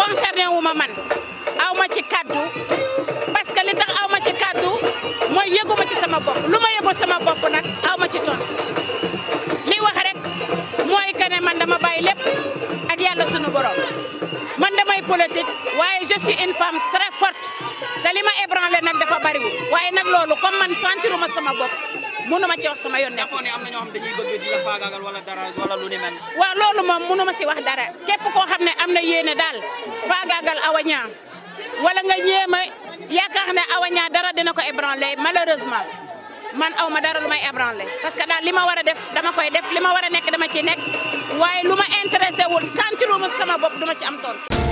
concerné wu ma man aw ma ci kaddu parce que li tax aw ma ci kaddu mooy yëguma ci sama bopp lu ma yëgul sama bopp nag aw ma ci tontu li wax rek mooy que man dama bàyyi lépp ak yàlla sunu borom man damay politique waaye je suis une femme très forte te li ma ébranlé nag dafa bariwul waaye nag loolu comme man sentiruma sama bopp na ma ci wax sama yoon nekk. am na ñoom xam dañuy bëgg di la faagaagal wala dara wala lu ni mel. waaw loolu moom mënu ma si wax dara képp am na yéene daal awaña wala nga ñeema yaakaar ne awaña dara dina ko ébranler maleureusement man aw ma dara lu may ébranler parce que daal li ma war a def dama koy def li ma war a nekk dama ciy nekk waaye lu ma intéressé wul sentiruma sama bopp duma ci am tontu.